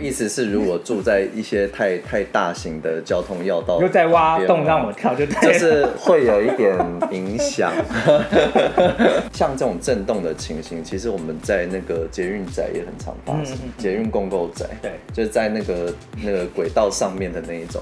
意思是，如果住在一些太 太大型的交通要道，又在挖洞讓我跳，就就是會有一點影響。像這種震動的情形，其實我們在那個捷運宅也很常發生。捷運共構宅，對，就是在那個那個軌道上面的那一種。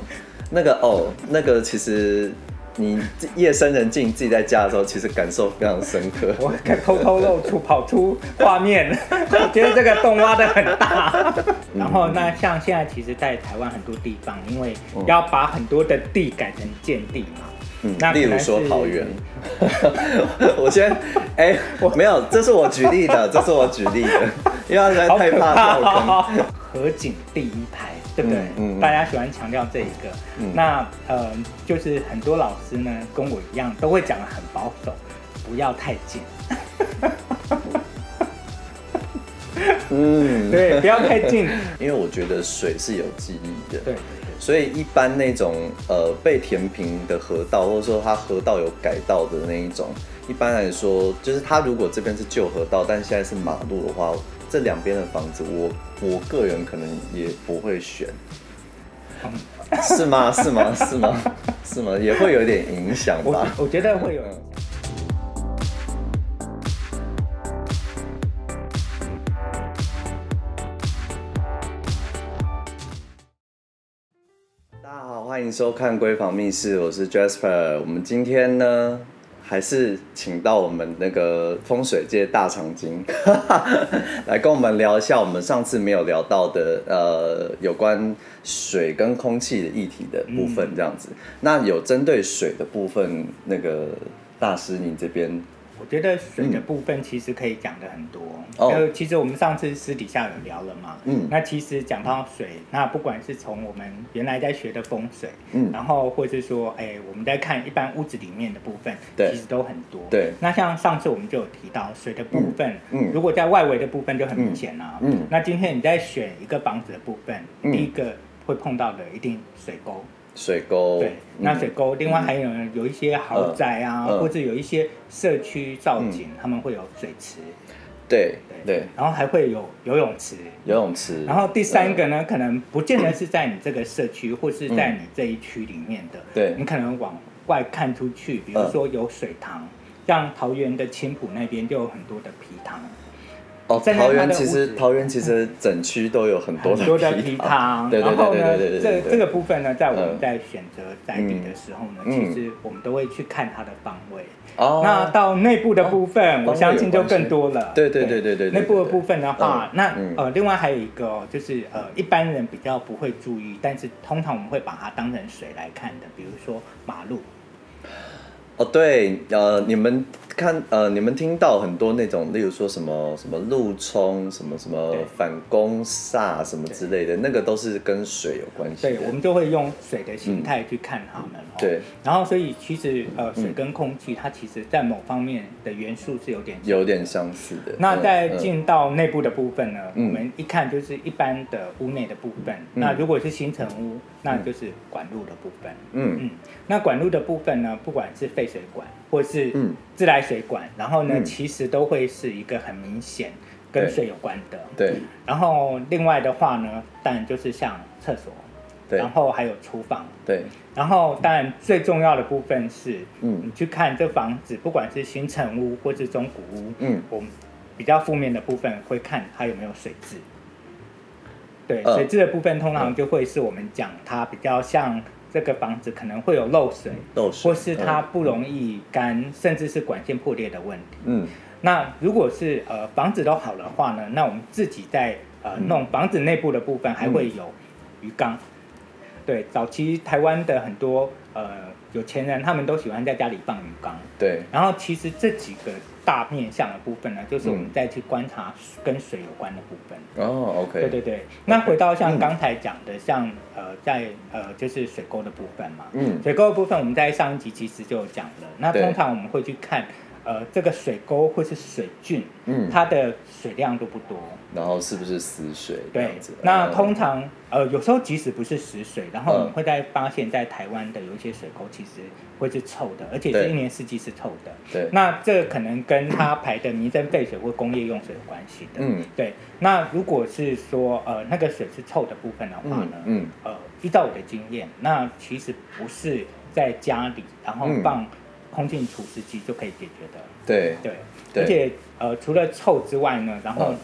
那個哦、喔，那個其實你夜深人靜自己在家的時候，其實感受非常深刻。我該偷偷露出跑出畫面，我覺得這個洞挖得很大。然後，那像現在其實，在台灣很多地方，因為要把很多的地改成建地嘛，嗯、那例如說桃園， 我先哎，欸、我 沒有，這是我舉例的， 這是我舉例的，因為實在太怕鬧鐘。河景第一排，對不對？嗯，嗯，大家喜歡強調這一個。嗯，那呃，就是很多老師呢，跟我一樣，都會講得很保守，不要太近。 嗯，對，不要太近。 因為我覺得水是有記憶的，對。對所以一般那種呃被填平的河道，或者說它河道有改道的那一種，一般來說，就是它如果這邊是舊河道，但現在是馬路的話，這兩邊的房子我，我我個人可能也不會選。嗯、是嗎？是嗎？是嗎？ 是嗎？也會有點影響吧？我，我覺得會有。歡迎收看《閨房蜜事》，我是 Jasper。我們今天呢，還是請到我們那個風水界大長今來跟我們聊一下我們上次沒有聊到的呃，有關水跟空氣的議題的部分。這樣子，嗯、那有針對水的部分，那個大師你這邊。我覺得水的部分其實可以講的很多。嗯、其實我們上次私底下有聊了嘛。嗯，那其實講到水，那不管是從我們原來在學的風水，嗯，然後或是說，哎，我們在看一般屋子裡面的部分，對其實都很多。對，那像上次我們就有提到水的部分，嗯嗯、如果在外圍的部分就很明顯了，啊嗯。嗯，那今天你在選一個房子的部分，嗯、第一個會碰到的一定水溝水溝對，那水溝，另外還有有一些豪宅啊，或者有一些社區造景，他們會有水池，對對對，然後還會有游泳池，游泳池。然後第三個呢，可能不見得是在你這個社區或是在你這一區裡面的，對你可能往外看出去，比如說有水塘，像桃園的青埔那邊就有很多的陂塘。哦，桃園其實桃園其實整區都有很多很多的埤塘，然後呢，這這個部分呢，在我們在選擇宅地的時候呢，其實我們都會去看它的方位。哦，那到內部的部分，我相信就更多了。對對對對對，內部的部分的話，那呃，另外還有一個就是呃，一般人比較不會注意，但是通常我們會把它當成水來看的，比如說馬路。哦，對，呃，你們，看，呃，你們聽到很多那種，例如說什麼什麼路沖，什麼什麼，什麼反弓煞，什麼之類的，對那個都是跟水有關係。對，我們就會用水的心態去看他們。嗯喔、對。然後，所以其實，呃，水跟空氣，嗯、它其實，在某方面的元素是有點像有點相似的。嗯、那在進到內部的部分呢，嗯、我們一看就是一般的屋內的部分。嗯、那如果是新成屋，那就是管路的部分。嗯嗯，嗯。那管路的部分呢，不管是廢水管，或是自來水管，然後呢，嗯、其實都會是一個很明顯跟水有關的。對。對，然後另外的話呢，當然就是像廁所，對。然後還有廚房，對。然後當然最重要的部分是，嗯，你去看這房子，嗯、不管是新成屋或是中古屋，嗯，我們比較負面的部分會看它有沒有水質。對，呃、水質的部分通常就會是我們講它比較像。這個房子可能會有漏水，漏水或是它不容易乾，嗯、甚至是管線破裂的問題。嗯，那如果是呃房子都好的話呢，那我們自己在呃、嗯、弄房子內部的部分還會有魚缸。嗯、對，早期台灣的很多呃。有錢人他們都喜歡在家裡放魚缸，對。然後其實這幾個大面向的部分呢，就是我們再去觀察跟水有關的部分。哦，嗯，OK。對對對。那回到像剛才講的，Okay. 像呃，在呃就是水溝的部分嘛，嗯，水溝的部分我們在上一集其實就有講了。那通常我們會去看。呃，這個水溝或是水圳，嗯，它的水量都不多。然後是不是死水？對，嗯、那通常，呃，有時候即使不是死水，然後你會在發現，在台灣的有一些水溝其實會是臭的，而且是一年四季是臭的。對，那這可能跟他排的民生廢水或工業用水有關係的。嗯，對。那如果是說，呃，那個水是臭的部分的話呢？嗯，嗯呃，依照我的經驗，那其實不是在家裡，然後放、嗯。空淨除濕機就可以解決的。對對，對對而且呃，除了臭之外呢，然後、嗯、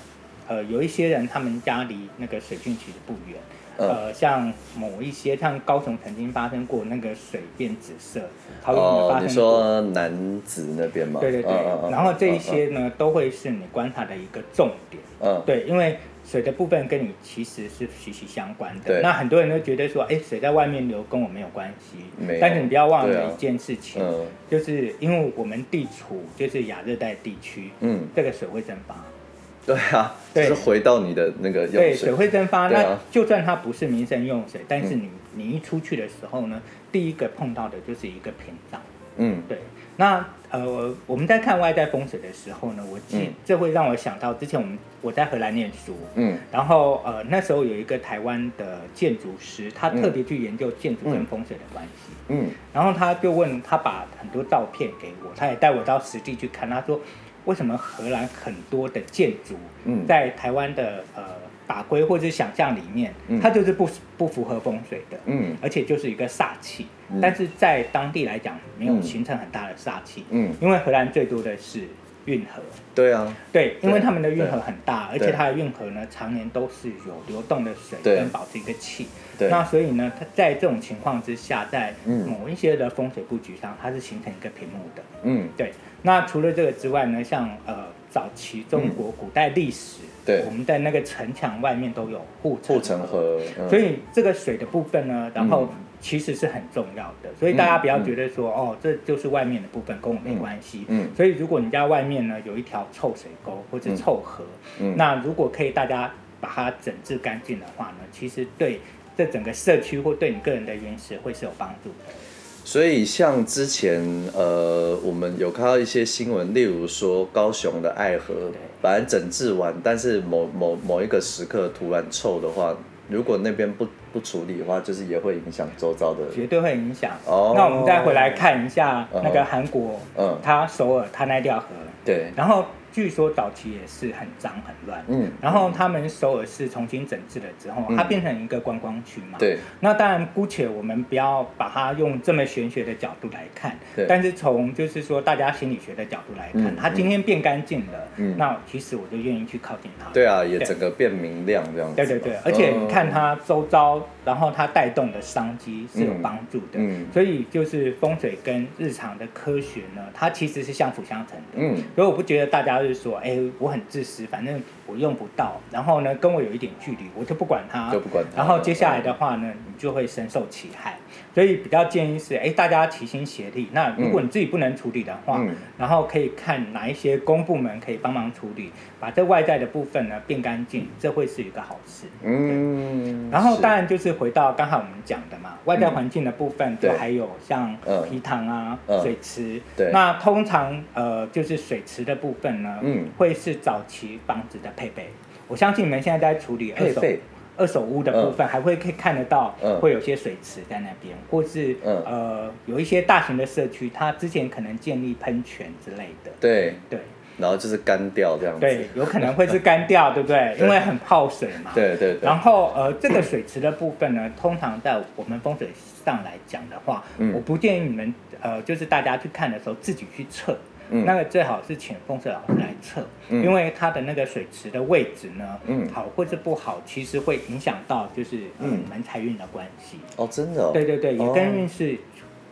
呃，有一些人他們家離那個水郡區的不遠，嗯、呃，像某一些像高雄曾經發生過那個水變紫色，高雄發生哦，你說楠梓那邊嗎？對對對，啊、然後這一些呢、啊啊、都會是你觀察的一個重點。嗯，對，因為。水的部分跟你其實是息息相關的。對那很多人都覺得說，哎、欸，水在外面流跟我沒有關係。有但是你不要忘了一件事情，啊嗯、就是因為我們地處就是亞熱帶地區，嗯，這個水會蒸發。對啊。對。就是回到你的那個水對，對水會蒸發。啊、那就算它不是民生用水，但是你、嗯、你一出去的時候呢，第一個碰到的就是一個屏障。嗯。對。那。呃，我們在看外在風水的時候呢，我、嗯、這會讓我想到之前我們我在荷蘭念書，嗯，然後呃，那時候有一個台灣的建築師，他特別去研究建築跟風水的關係，嗯，然後他就問他把很多照片給我，他也帶我到實地去看，他說，為什麼荷蘭很多的建築在台灣的呃。法規或是想象裡面，它就是不不符合風水的，嗯，而且就是一個煞氣。嗯，但是在當地來講，沒有形成很大的煞氣，嗯，嗯，因為荷蘭最多的是運河，對啊，對，因為他們的運河很大，對而且它的運河呢，常年都是有流動的水，對，能保持一個氣，對那所以呢，它在這種情況之下，在某一些的風水布局上，它是形成一個屏幕的，嗯，對。那除了這個之外呢，像呃，早期中國古代歷史。嗯對，我們在那個城牆外面都有護城河，城河，嗯、所以這個水的部分呢，然後其實是很重要的。嗯、所以大家不要覺得說，嗯、哦，這就是外面的部分，跟我沒關係。嗯，嗯，所以如果你家外面呢，有一條臭水溝或者臭河，嗯、那如果可以大家把它整治乾淨的話呢，其實對這整個社區或對你個人的運勢會是有幫助的。所以，像之前，呃，我們有看到一些新聞，例如說，高雄的愛河，本來整治完，但是某某某一個時刻突然臭的話，如果那邊不不處理的話，就是也會影響周遭的，絕對會影響。哦，oh, 那我們再回來看一下那個韓國，嗯，他首爾他那一條河，對，然後。據說早期也是很髒很亂，嗯，然後他們首爾市重新整治了之後，它變成一個觀光區嘛，對。那當然姑且我們不要把它用這麼玄學的角度來看，對。但是從就是說大家心理學的角度來看，它今天變乾淨了，嗯，那其實我就願意去靠近它。對啊，也整個變明亮這樣子。對對對，而且你看它周遭，然後它帶動的商機是有幫助的，嗯。所以就是風水跟日常的科學呢，它其實是相輔相成的，嗯。所以我不覺得大家。就是說，哎、欸，我很自私，反正。我用不到，然後呢，跟我有一點距離，我就不管它，就不管。然後接下來的話呢，你就會深受其害。所以比較建議是，哎，大家齊心協力。那如果你自己不能處理的話，然後可以看哪一些公部門可以幫忙處理，把這外在的部分呢變乾淨，這會是一個好事。嗯。然後當然就是回到剛才我們講的嘛，外在環境的部分，就還有像埤塘啊、水池。對。那通常呃，就是水池的部分呢，嗯，會是早期房子的。配備，我相信你們現在在處理二手二手屋的部分，還會可以看得到，會有些水池在那邊，或是呃有一些大型的社區，它之前可能建立噴泉之類的。對對。然後就是乾掉這樣子。對，有可能會是乾掉，對不對？因為很泡水嘛。對對對。然後呃，這個水池的部分呢，通常在我們風水上來講的話，我不建議你們呃，就是大家去看的時候自己去測。那個最好是請風水老師來測，因為他的那個水池的位置呢，嗯，好或是不好，其實會影響到就是嗯門財運的關係哦，真的，哦，對對對，也跟運勢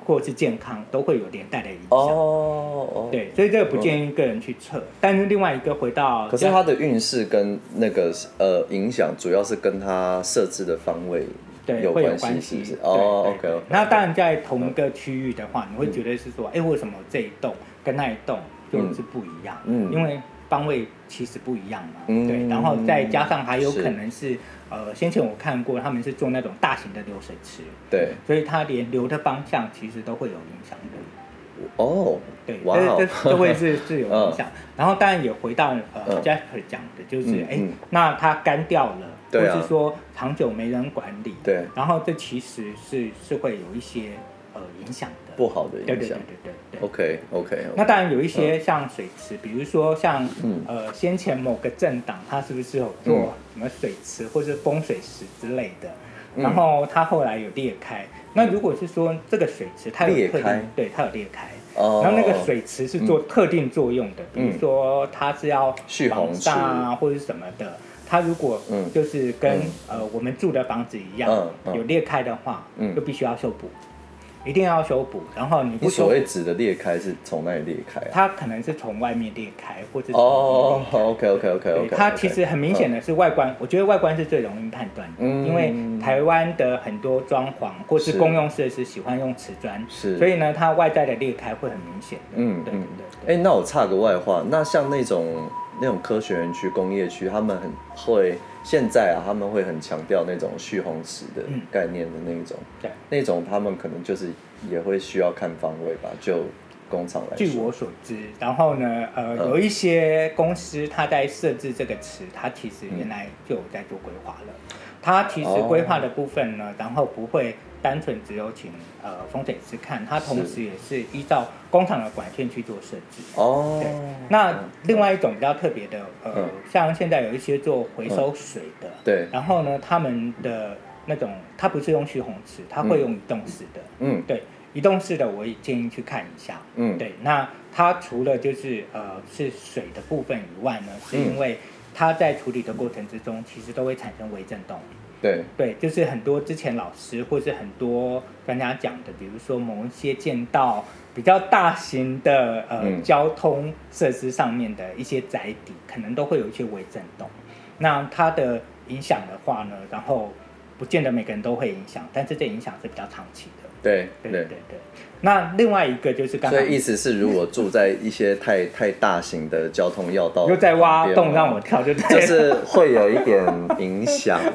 或是健康都會有連帶的影響哦，對，所以這個不建議個人去測。但是另外一個回到，可是他的運勢跟那個呃影響主要是跟他設置的方位對有關係哦，OK，那當然在同一個區域的話，你會覺得是說，哎，為什麼這一棟？跟那一棟就是不一樣，嗯，因為方位其實不一樣嘛，對，然後再加上還有可能是，呃，先前我看過他們是做那種大型的流水池，對，所以它連流的方向其實都會有影響哦，對，這這都會是是有影響，然後當然也回到呃 Jasper 講的就是，哎，那它乾掉了，對啊，或是說長久沒人管理，對，然後這其實是是會有一些呃影響的。不好的影響。對對對對 OK OK，那當然有一些像水池，比如說像呃先前某個政黨，它是不是有做什麼水池或是風水池之類的？然後它後來有裂開。那如果是說這個水池它有裂開，對，它有裂開。哦。然後那個水池是做特定作用的，比如說它是要防洪啊或者什麼的。它如果就是跟呃我們住的房子一樣有裂開的話，就必須要修補。一定要修補，然後你，你所謂指的裂開是從哪裡裂開？啊？它可能是從外面裂開，或者哦，好，OK，OK，OK，OK，它其實很明顯的是外觀。嗯、我覺得外觀是最容易判斷的，嗯、因為台灣的很多裝潢或是公用設施喜歡用瓷磚，是，所以呢，它外在的裂開會很明顯，嗯，對,對對對。哎、欸，那我插個外話，那像那種那種科學園區、工業區，他們很會。現在啊，他們會很強調那種蓄洪池的概念的那種，嗯、那種他們可能就是也會需要看方位吧，就。工廠來據我所知，然後呢，呃，嗯、有一些公司它在設置這個池，它其實原來就有在做規劃了。它其實規劃的部分呢，哦、然後不會單純只有請呃風水師看，它同時也是依照工廠的管線去做設計。是對哦。那另外一種比較特別的，呃，嗯、像現在有一些做回收水的，對、嗯。然後呢，他們的那種，它不是用蓄洪池，它會用移動式的，嗯，嗯對。移動式的，我也建議去看一下。嗯，對，那它除了就是呃是水的部分以外呢，是因為它在處理的過程之中，嗯、其實都會產生微震動。對對，就是很多之前老師或是很多專家講的，比如說某一些建造比較大型的呃、嗯、交通設施上面的一些載體，可能都會有一些微震動。那它的影響的話呢，然後不見得每個人都會影響，但是這影響是比較長期的。對對對對，對，那另外一個就是剛，剛，才，所以意思是，如果住在一些太太大型的交通要道，又在挖洞讓我跳就，就是會有一點影響。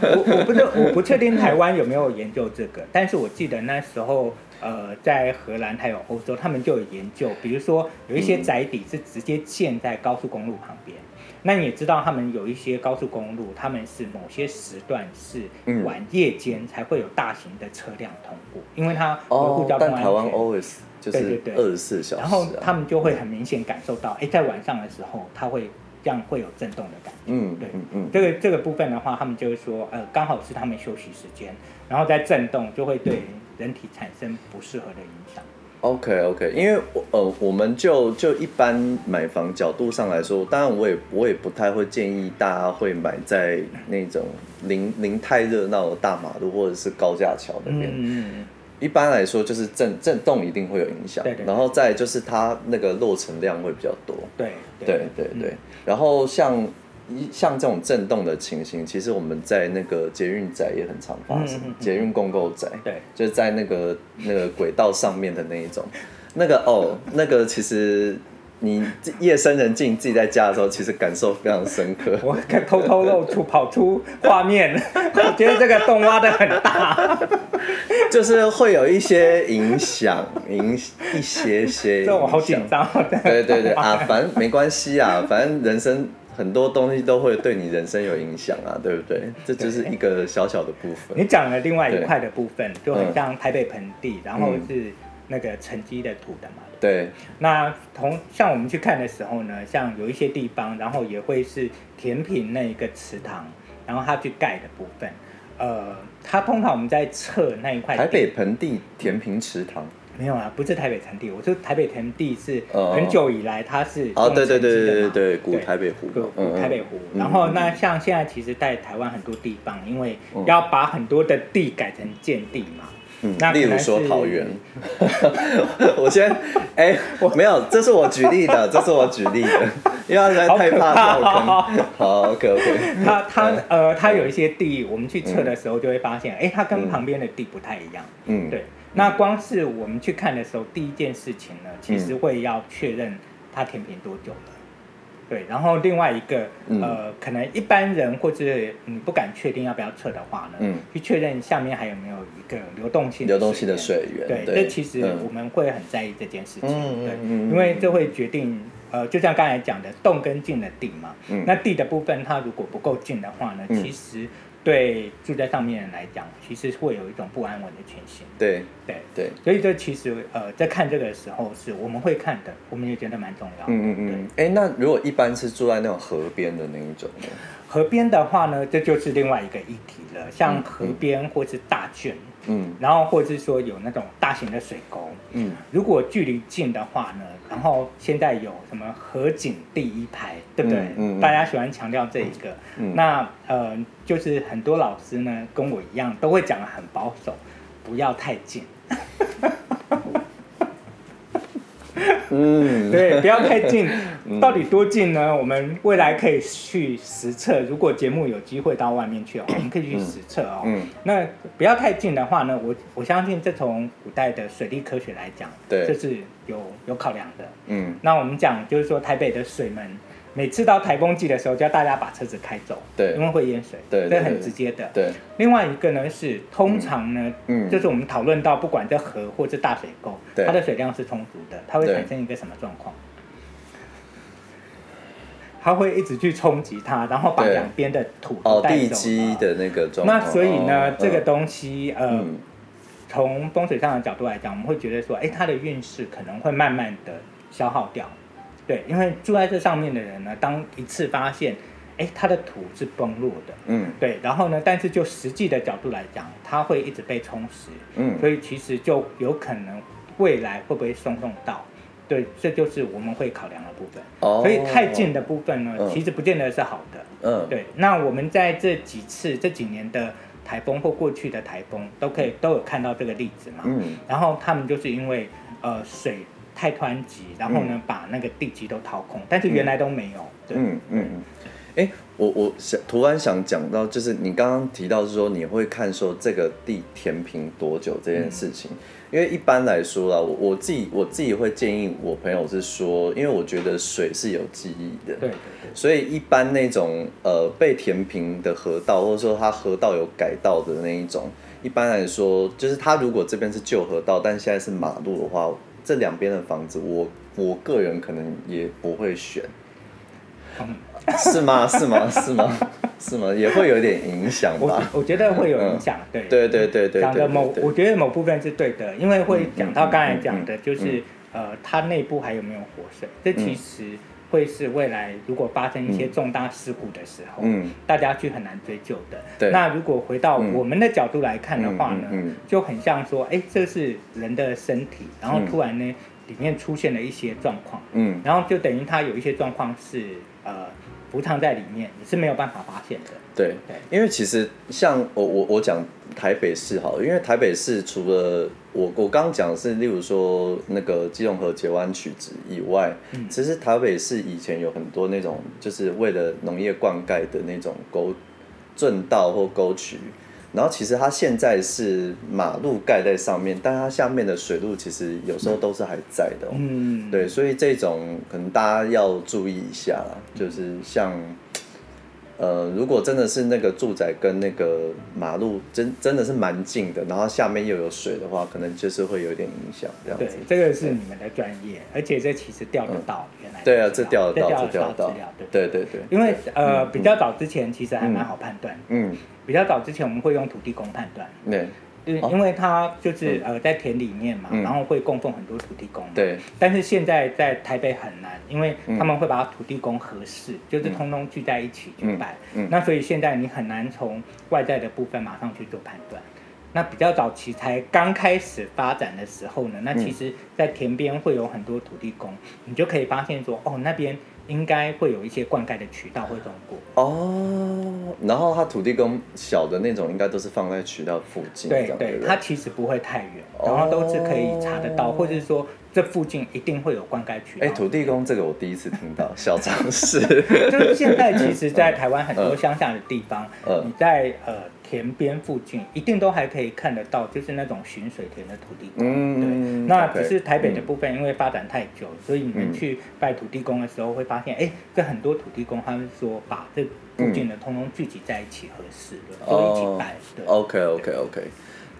我我不不我不確定台灣有沒有研究這個，但是我記得那時候呃，在荷蘭還有歐洲，他們就有研究，比如說有一些宅邸是直接建在高速公路旁邊。嗯那你也知道，他們有一些高速公路，他們是某些時段是晚夜間才會有大型的車輛通過，嗯、因為他維護交通安全，哦，但台灣 always 就是24、啊、對對對二十四小時，然後他們就會很明顯感受到，哎、欸，在晚上的時候，它會這樣會有震動的感覺，嗯，對，嗯這個這個部分的話，他們就是說，呃，剛好是他們休息時間，然後在震動就會對人體產生不適合的影響。嗯 OK OK，因為我呃，我們就就一般買房角度上來說，當然我也我也不太會建議大家會買在那種零零太熱鬧的大馬路或者是高架橋那邊。嗯、一般來說，就是震震動一定會有影響。對對對。然後再就是它那個落塵量會比較多。對對對對。然後像。一像這種震動的情形，其實我們在那個捷運宅也很常發生，嗯嗯嗯，捷運共構宅，對，就是在那個那個軌道上面的那一種，那個哦，那個其實你夜深人靜自己在家的時候，其實感受非常深刻。我該偷偷露出 跑出畫面，我覺得這個洞挖得很大，就是會有一些影響，影一些些。這我好緊張，對對對完啊，反正沒關係啊，反正人生。很多東西都會對你人生有影響啊， 對不對？這就是一個小小的部分。你講了另外一塊的部分，對就很像台北盆地，嗯、然後是那個沉積的土的嘛。嗯、對，那同像我們去看的時候呢，像有一些地方，然後也會是填平那一個池塘，然後它去蓋的部分，呃，它通常我們在測那一塊。台北盆地填平池塘。嗯沒有啊，不是台北盆地，我說台北盆地是很久以來它是哦，對對對對對，古台北湖，台北湖。然後那像現在其實，在台灣很多地方，因為要把很多的地改成建地嘛，那例如說桃園，我先哎，我沒有，這是我舉例的，這是我舉例的，因為實在太怕掉坑，好，OK OK。它、它呃，它有一些地，我們去測的時候就會發現，哎，它跟旁邊的地不太一樣，嗯，對。那光是我們去看的時候，第一件事情呢，其實會要確認它填平多久了，對。然後另外一個，呃，可能一般人或是你不敢確定要不要測的話呢，去確認下面還有沒有一個流動性、流動性的水源。對，這其實我們會很在意這件事情，對，因為這會決定，呃，就像剛才講的，動跟靜的地嘛，那地的部分它如果不夠靜的話呢，其實。對住在上面來講，其實會有一種不安穩的情形。對對對，對對，所以這其實呃，在看這個的時候是我們會看的，我們也覺得蠻重要，嗯嗯嗯。哎對、欸，那如果一般是住在那種河邊的那一種呢？河邊的話呢，這就是另外一個議題了。像河邊或是大卷。嗯嗯嗯，然後或者是說有那種大型的水溝，嗯，如果距離近的話呢，然後現在有什麼河景第一排，對不對？嗯，嗯嗯大家喜歡強調這一個，嗯嗯、那呃，就是很多老師呢跟我一樣，都會講得很保守，不要太近。 嗯，對，不要太近，嗯、到底多近呢？我們未來可以去實測。如果節目有機會到外面去哦、喔，咳咳我們可以去實測哦、喔嗯。嗯，那不要太近的話呢，我我相信這從古代的水利科學來講，對，這是有有考量的。嗯，那我們講就是說台北的水門。每次到颱風季的時候，叫大家把車子開走，因為會淹水。對，這是很直接的。對。另外一個呢是，通常呢，就是我們討論到，不管在河或是大水溝，它的水量是充足的，它會產生一個什麼狀況？它會一直去衝擊它，然後把兩邊的土帶走哦，地基的那個狀況。那所以呢，這個東西呃，從風水上的角度來講，我們會覺得說，哎，它的運勢可能會慢慢的消耗掉。對，因為住在這上面的人呢，當一次發現，哎，他的土是崩落的，嗯，對，然後呢，但是就實際的角度來講，它會一直被沖蝕。嗯，所以其實就有可能未來會不會鬆動到，對，這就是我們會考量的部分。哦、所以太近的部分呢，哦、其實不見得是好的。嗯，對，那我們在這幾次這幾年的台風或過去的台風，都可以、嗯、都有看到這個例子嘛。嗯，然後他們就是因為呃水。太湍急，然後呢，把那個地基都掏空，嗯、但是原來都沒有。對，嗯嗯嗯。哎、嗯欸，我我想突然想講到，就是你剛剛提到是說你會看說這個地填平多久這件事情，嗯、因為一般來說啦，我我自己我自己會建議我朋友是說，因為我覺得水是有記憶的，對，對，對，所以一般那種呃被填平的河道，或者說它河道有改道的那一種，一般來說就是它如果這邊是舊河道，但現在是馬路的話。這兩邊的房子我，我我個人可能也不會選，嗯、 是嗎？是嗎？是嗎？ 是嗎？也會有點影響吧？我，我覺得會有影響，嗯、對，對、嗯、對對對，講的某，我覺得某部分是對的，因為會講到剛才講的，就是、嗯嗯嗯嗯、呃，它內部還有沒有活水，這其實、嗯。會是未來如果發生一些重大事故的時候，嗯、大家去很難追究的。嗯、那如果回到我們的角度來看的話呢，嗯嗯嗯嗯、就很像說，哎，這是人的身體，然後突然呢、嗯、裡面出現了一些狀況，嗯，然後就等於他有一些狀況是呃。湖塘在裡面，你是沒有辦法發現的。對，對因為其實像我我我講台北市好了，因為台北市除了我我剛講是例如說那個基隆河、截彎取直以外，嗯、其實台北市以前有很多那種，就是為了農業灌溉的那種溝、圳道或溝渠。然後其實它現在是馬路蓋在上面，但它下面的水路其實有時候都是還在的哦。嗯，對，所以這種可能大家要注意一下，就是像。呃，如果真的是那個住宅跟那個馬路真真的是蠻近的，然後下面又有水的話，可能就是會有點影響。這樣子，這個是你們的專業，而且這其實釣得到原來。對啊，這釣得到，這釣得到，對對對。因為呃，比較早之前其實還蠻好判斷。嗯。比較早之前我們會用土地公判斷。對。因為他就是、哦、呃在田裡面嘛，嗯、然後會供奉很多土地公。對、嗯。但是現在在台北很難，因為他們會把土地公合祀，就是通通聚在一起去拜。嗯、那所以現在你很難從外在的部分馬上去做判斷。嗯嗯、那比較早期才剛開始發展的時候呢，那其實，在田邊會有很多土地公，你就可以發現說，哦，那邊。應該會有一些灌溉的渠道會通過哦，然後它土地公小的那種，應該都是放在渠道附近，對對，樣對吧它其實不會太遠，然後都是可以查得到，哦、或者是說。這附近一定會有灌溉渠。哎，土地公這個我第一次聽到，小常識。就是現在其實，在台灣很多鄉下的地方，你在呃田邊附近，一定都還可以看得到，就是那種巡水田的土地公。對。那只是台北的部分，因為發展太久，所以你們去拜土地公的時候，會發現，哎，這很多土地公他們說把這附近的通通聚集在一起，合適了，所以一起拜。OK OK OK，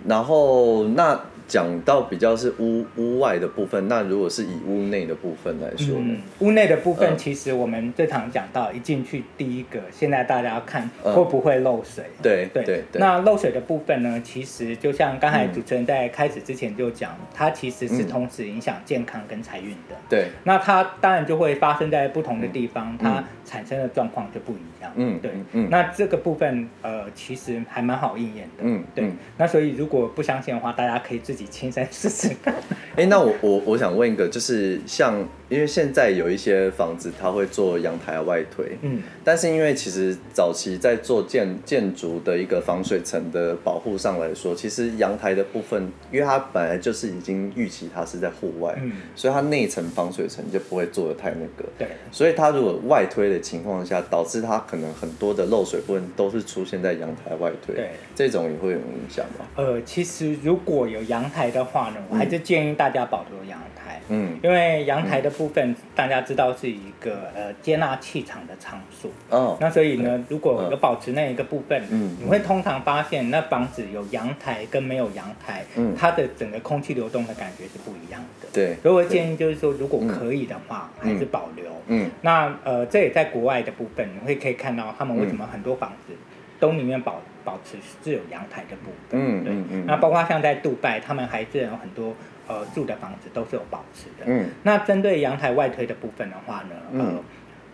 然後那。講到比較是屋屋外的部分，那如果是以屋內的部分來說，嗯，屋內的部分其實我們最常講到，一進去第一個，嗯、現在大家看會不會漏水？對對對。對對那漏水的部分呢，其實就像剛才主持人在開始之前就講，嗯、它其實是同時影響健康跟財運的。對、嗯，那它當然就會發生在不同的地方。嗯、它。產生的狀況就不一樣。嗯，嗯，對，嗯，那這個部分，呃，其實還蠻好應驗的。嗯，嗯，對，那所以如果不相信的話，大家可以自己親身試試看。哎、欸，那我我我想問一個，就是像因為現在有一些房子，他會做陽台外推，嗯，但是因為其實早期在做建建築的一個防水層的保護上來說，其實陽台的部分，因為它本來就是已經預期它是在戶外，嗯，所以它內層防水層就不會做的太那個，對，所以它如果外推，情況下，導致它可能很多的漏水部分都是出現在陽台外推，對，這種也會有影響嗎？呃，其實如果有陽台的話呢，我還是建議大家保留陽台，嗯，因為陽台的部分大家知道是一個呃接納氣場的場所，哦，那所以呢，如果有保持那一個部分，嗯，你會通常發現那房子有陽台跟沒有陽台，嗯，它的整個空氣流動的感覺是不一樣的，對，所以我會建議就是說，如果可以的話，還是保留，嗯，那呃，這也在。在國外的部分，你會可以看到他們為什麼很多房子都裡面保保持是有陽台的部分，嗯，對，那包括像在杜拜，他們還是有很多呃住的房子都是有保持的，嗯，那針對陽台外推的部分的話呢，呃，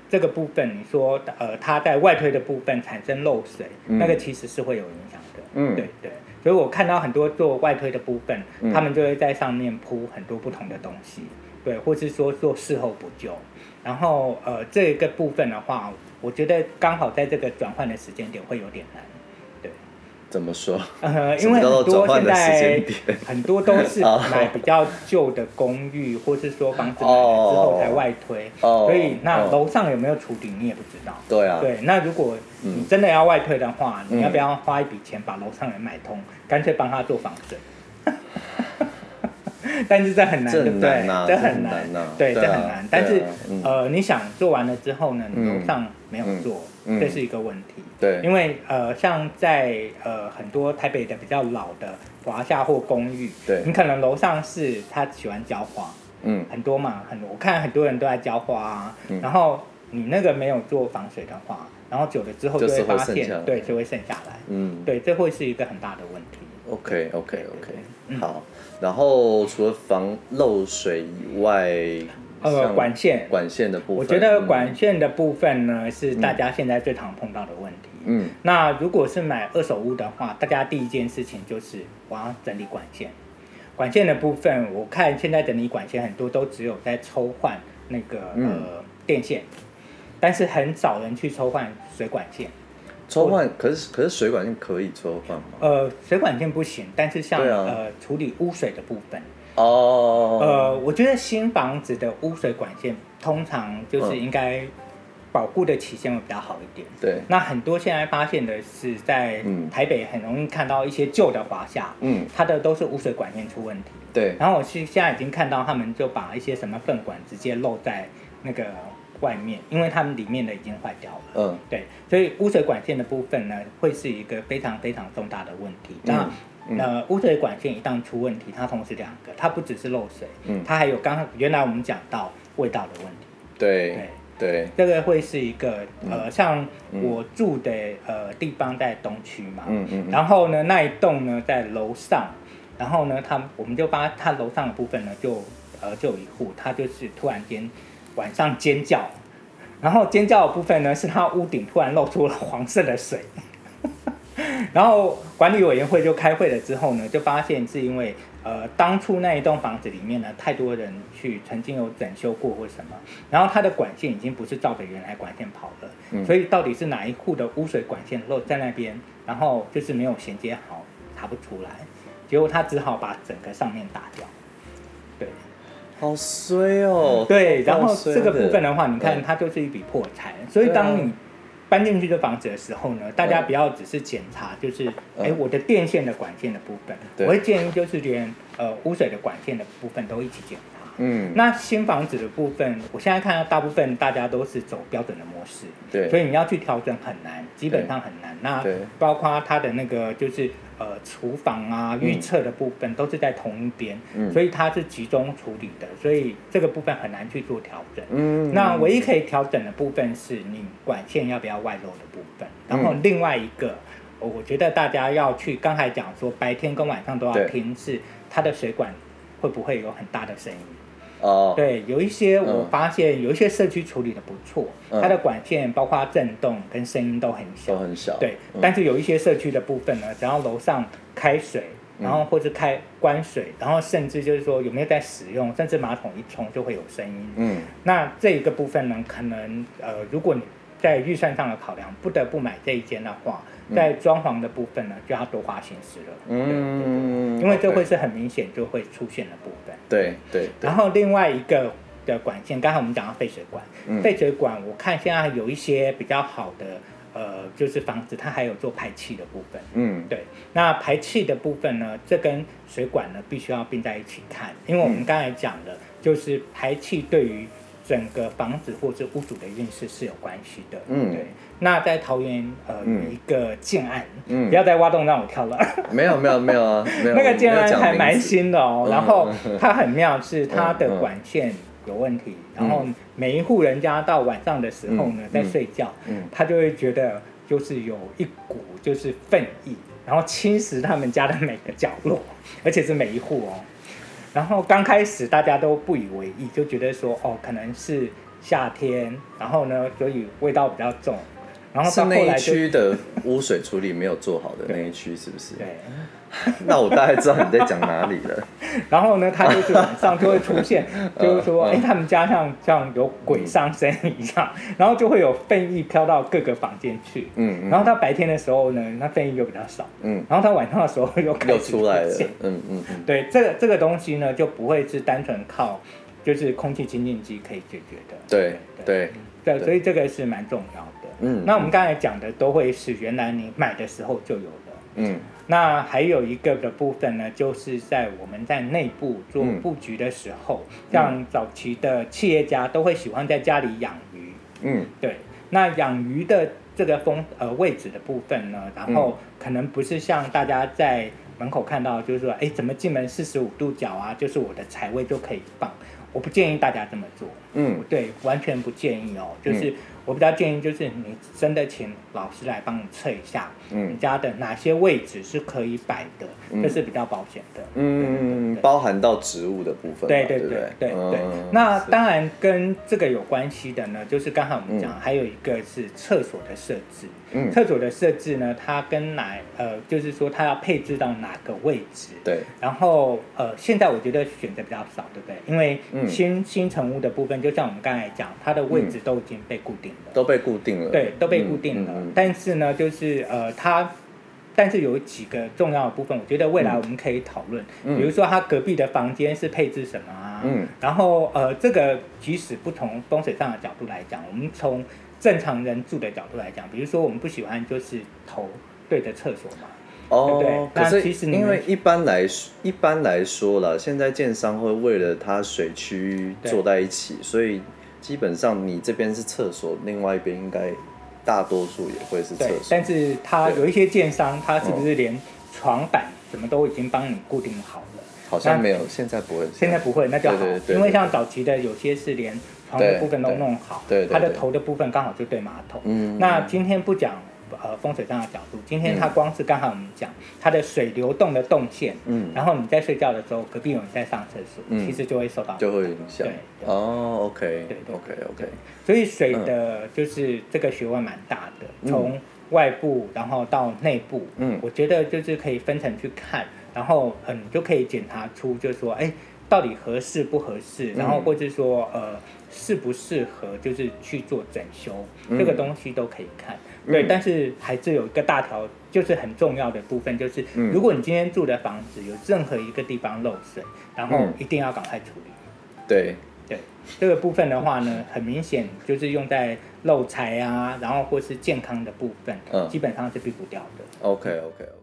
這個部分你說呃它在外推的部分產生漏水，那個其實是會有影響的，嗯，對對，所以我看到很多做外推的部分，他們就會在上面鋪很多不同的東西，對，或是說做事後補救。然後，呃，這個部分的話，我覺得剛好在這個轉換的時間點會有點難，對。怎麼說？呃、麼說因為很多現在很多都是買比較舊的公寓， 或是說房子買之後才外推，所以那樓上有沒有處理你也不知道。對啊。對，那如果你真的要外推的話，啊、你要不要花一筆錢把樓上也買通，嗯、乾脆幫他做房子？但是這很難，對不對？這很難，對，這很難。但是，呃，你想做完了之後呢？你樓上沒有做，這是一個問題。對，因為呃，像在呃很多台北的比較老的華廈或公寓，對，你可能樓上是他喜歡澆花，嗯，很多嘛，很多。我看很多人都在澆花啊。然後你那個沒有做防水的話，然後久了之後就會發現，對，就會剩下來。嗯，對，這會是一個很大的問題。OK，OK，OK。嗯、好，然後除了防漏水以外，呃，管線、呃，管線的部分，我覺得管線的部分呢、嗯、是大家現在最常碰到的問題。嗯，那如果是買二手屋的話，大家第一件事情就是我要整理管線。管線的部分，我看現在整理管線很多都只有在抽換那個、嗯、呃電線，但是很少人去抽換水管線。抽換可是可是水管線可以抽換嗎？呃，水管線不行，但是像、啊、呃處理污水的部分。哦。Oh. 呃，我覺得新房子的污水管線通常就是應該保護的期限會比較好一點。對、嗯。那很多現在發現的是在台北很容易看到一些舊的華廈，嗯，它的都是污水管線出問題。對。然後我是現在已經看到他們就把一些什麼糞管直接漏在那個。外面，因為它們裡面的已經壞掉了。嗯，對，所以污水管線的部分呢，會是一個非常非常重大的問題。那那污水管線一旦出問題，它同時兩個，它不只是漏水，嗯，它還有剛剛原來我們講到味道的問題。對對對，對對這個會是一個、嗯、呃，像我住的、嗯、呃地方在東區嘛，嗯嗯，嗯嗯然後呢那一棟呢在樓上，然後呢他我們就把他樓上的部分呢就呃就有一戶，他就是突然間。晚上尖叫，然後尖叫的部分呢，是他屋頂突然漏出了黃色的水， 然後管理委員會就開會了之後呢，就發現是因為呃當初那一棟房子裡面呢，太多人去曾經有整修過或什麼，然後它的管線已經不是照着原來管線跑了，嗯，所以到底是哪一戶的污水管線漏在那邊，然後就是沒有銜接好，查不出來，結果他只好把整個上面打掉，對。好衰哦、嗯！對，然後這個部分的話，你看它就是一筆破財。嗯、所以當你搬進去這房子的時候呢，啊、大家不要只是檢查，就是哎、嗯，我的電線的管線的部分，對我會建議就是連呃污水的管線的部分都一起檢查。嗯，那新房子的部分，我現在看到大部分大家都是走標準的模式，對，所以你要去調整很難，基本上很難。對那包括它的那個就是。呃，廚房啊，預測的部分都是在同一邊，嗯、所以它是集中處理的，所以這個部分很難去做調整。嗯、那唯一可以調整的部分是你管線要不要外露的部分。嗯、然後另外一個，我覺得大家要去剛才講說白天跟晚上都要聽，是它的水管會不會有很大的聲音？哦，oh, 對，有一些我發現、嗯、有一些社區處理的不錯，嗯、它的管線包括震動跟聲音都很小，很小。對，嗯、但是有一些社區的部分呢，只要樓上開水，然後或者開關水，嗯、然後甚至就是說有沒有在使用，甚至馬桶一沖就會有聲音。嗯，那這一個部分呢，可能呃，如果你在預算上的考量不得不買這一間的話。在裝潢的部分呢，就要多花心思了。嗯、對對對，因為這會是很明顯就會出現的部分。對對，對然後另外一個的管線，剛才我們講到廢水管，廢、嗯、水管我看現在有一些比較好的，呃，就是房子它還有做排氣的部分。嗯，對。那排氣的部分呢，這跟水管呢必須要併在一起看，因為我們剛才講的，就是排氣對於整個房子或者屋主的運勢是有關係的。嗯，對。那在桃園呃、嗯、有一個建案，嗯、不要再挖洞讓我跳了。 沒有沒有沒有啊，沒有 那個建案還蠻新的哦。嗯、然後它很妙是它的管線有問題，嗯、然後每一戶人家到晚上的時候呢、嗯、在睡覺，他、嗯、就會覺得就是有一股就是糞意，然後侵蝕他們家的每個角落，而且是每一戶哦。然後剛開始大家都不以為意，就覺得說哦，可能是夏天，然後呢，所以味道比較重。然後到後來，是那一區的汙水處理沒有做好的那一區，是不是？ 對對那我大概知道你在講哪裡了。然後呢，它就是晚上就會出現，就是說，哎，他們家像像有鬼上身一樣，然後就會有糞氣飄到各個房間去。嗯。然後他白天的時候呢，那糞氣就比較少。嗯。然後他晚上的時候又又出來了。嗯嗯嗯。對，這個這個東西呢，就不會是單純靠就是空氣清淨機可以解決的。對對對，所以這個是蠻重要的。嗯。那我們剛才講的都會是原來你買的時候就有的。嗯。那還有一個的部分呢，就是在我們在內部做布局的時候，嗯、像早期的企業家都會喜歡在家裡養魚。嗯，對。那養魚的這個風呃位置的部分呢，然後可能不是像大家在門口看到，就是說，哎、嗯欸，怎麼進門四十五度角啊？就是我的財位就可以放，我不建議大家這麼做。嗯，對，完全不建議哦，就是。嗯我比較建議就是，你真的請老師來幫你測一下，你家的哪些位置是可以擺的，嗯，這是比較保險的。嗯，對對對對，包含到植物的部分。對對對對、對、對、哦、對。那當然跟這個有關係的呢，就是剛才我們講，嗯，還有一個是廁所的設置。嗯，廁所的設置呢，它跟哪，呃，就是說它要配置到哪個位置？對。然後呃，現在我覺得選擇比較少，對不對？因為新、嗯、新成屋的部分，就像我們剛才講，它的位置都已經被固定了，嗯、都被固定了。對，都被固定了。嗯嗯嗯、但是呢，就是呃，它，但是有幾個重要的部分，我覺得未來我們可以討論，嗯、比如說它隔壁的房間是配置什麼啊？嗯。然後呃，這個即使不從風水上的角度來講，我們從正常人住的角度來講，比如說我們不喜歡就是頭對着廁所嘛，哦、對不對？可是那其實你因為一般來一般來說了，現在建商會為了它水區坐在一起，對所以基本上你這邊是廁所，另外一邊應該大多數也會是廁所。但是它有一些建商，它對是不是連床板什麼都已經幫你固定好了？好像沒有，那現在不會，現在不會，那就好。對對對對對，因為像早期的有些是連。床的部分都弄好，它的頭的部分剛好就對馬桶。嗯，那今天不講呃風水上的角度，今天它光是剛好我們講它的水流動的動線。嗯，然後你在睡覺的時候，隔壁有人在上廁所，嗯、其實就會受到很，就會影響。對對對哦，OK，對，OK，OK。所以水的就是這個學問蠻大的，從、嗯、外部然後到內部，嗯，我覺得就是可以分層去看，然後嗯就可以檢查出就是，就說哎到底合適不合適，然後或者說呃。適不適合就是去做整修，嗯、這個東西都可以看。對，嗯、但是還是有一個大條，就是很重要的部分，就是如果你今天住的房子有任何一個地方漏水，然後一定要趕快處理。嗯、對對，這個部分的話呢，很明顯就是用在漏財啊，然後或是健康的部分，嗯、基本上是避不掉的。嗯、OK OK。